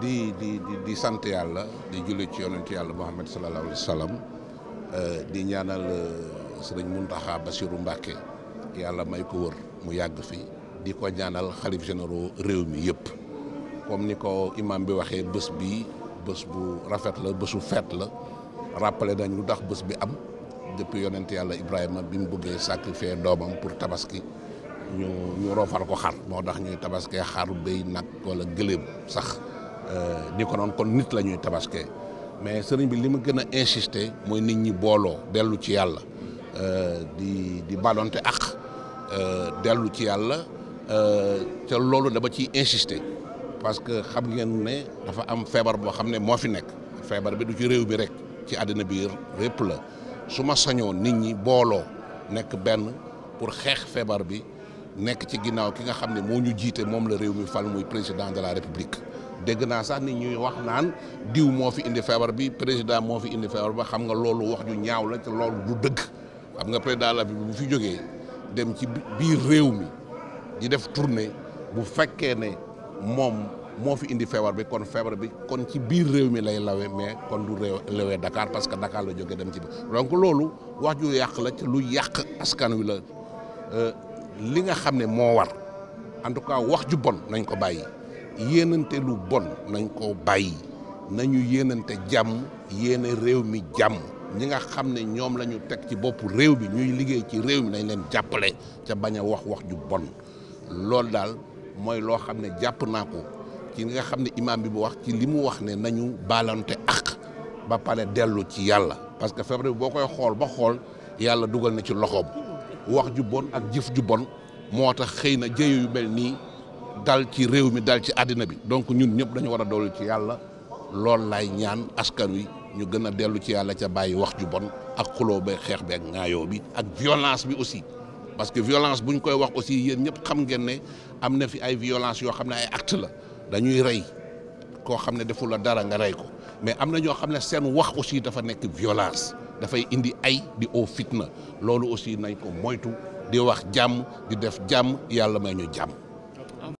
di di di sant yàlla di julli ci yonentu yàlla Muhammad sallallahu alayhi wa sallam euh, di ñaanal euh, sëriñ Muntaxa Basiru Mbàkke yàlla may ko wër mu yàgg fi di ko ñaanal xalif généraux réew mi yëpp comme ni ko imam bi waxee bës bi bés bu rafet la bésu feet la rappelé nañ lu bës bi am depuis yonent yàlla Ibrahima bi mu bëggee sacrifier doomam pour tabaski ñu ñu roofal ko xar moo tax ñuy tabaskee xar béy nag walla gëléem sax Euh, ni ko kon nit la ñuy tabaskee mais sëriñ bi li ma gën a insister mooy nit ñi booloo dellu ci yàlla euh, di di balonte ak euh, dellu ci yàlla te loolu dama ci insister parce que xam ngeen ne dafa am feebar boo xam ne moo fi nekk feebar bi du ci réew bi rek ci àddina bi répp la su ma sañoo nit ñi booloo nekk benn pour xeex feebar bi nekk ci ginnaaw ki nga xam ne moo ñu jiite moom la réew mi fal muy président de la république dégg naa sax nit ñuy wax naan diw moo fi indi feebar bi président moo fi indi feebar ba xam nga loolu wax ju ñaaw la te loolu du dëgg xam nga président la bi bu fi jógee dem ci biir réew mi di def tournée bu fekkee ne moom moo fi indi feebar bi kon feebar bi kon ci biir réew mi lay lawe mais kon du réew lawee Dakar parce que Dakar la jóge dem ci biir donk loolu wax ju yàq la te lu yàq askan wi la euh, li nga xam ne moo war en tout cas wax ju bon nañ ko bàyyi. yéenante lu bon nañ ko bàyyi nañu yéenante jàmm yéene réew mi jàmm ñi nga xam ne ñoom lañu teg ci bopp réew bi ñuy liggéey ci réew mi nañ leen jàppale ca bañ a wax wax ju bon loolu daal mooy loo xam ne jàpp naa ko ci nga xam ne imaam bi bu wax ci li mu wax ne nañu baalante ak ba pare dellu ci yàlla parce que feebar boo koy xool ba xool yàlla dugal na ci loxoom wax ju bon ak jëf ju bon moo tax xëy na jëye yu mel nii dal ci réew mi daal ci àddina bi donc ñun ñëpp dañu war a dollu ci yàlla lool laay ñaan askan wi ñu gën a dellu ci yàlla ca bàyyi wax ju bon ak xuloo ba xeex bi ak ŋaayoo bi ak violence bi aussi parce que violence bu ñu koy wax aussi yéen ñëpp xam ngeen ne am na fi ay violence yoo xam ne ay acte la dañuy rey koo xam ne deful la dara nga rey ko mais am na ñoo xam ne seen wax aussi dafa nekk violence dafay indi ay di oo fitna loolu aussi nañ ko moytu di wax jàmm di def jàmm yàlla may ñu jàmm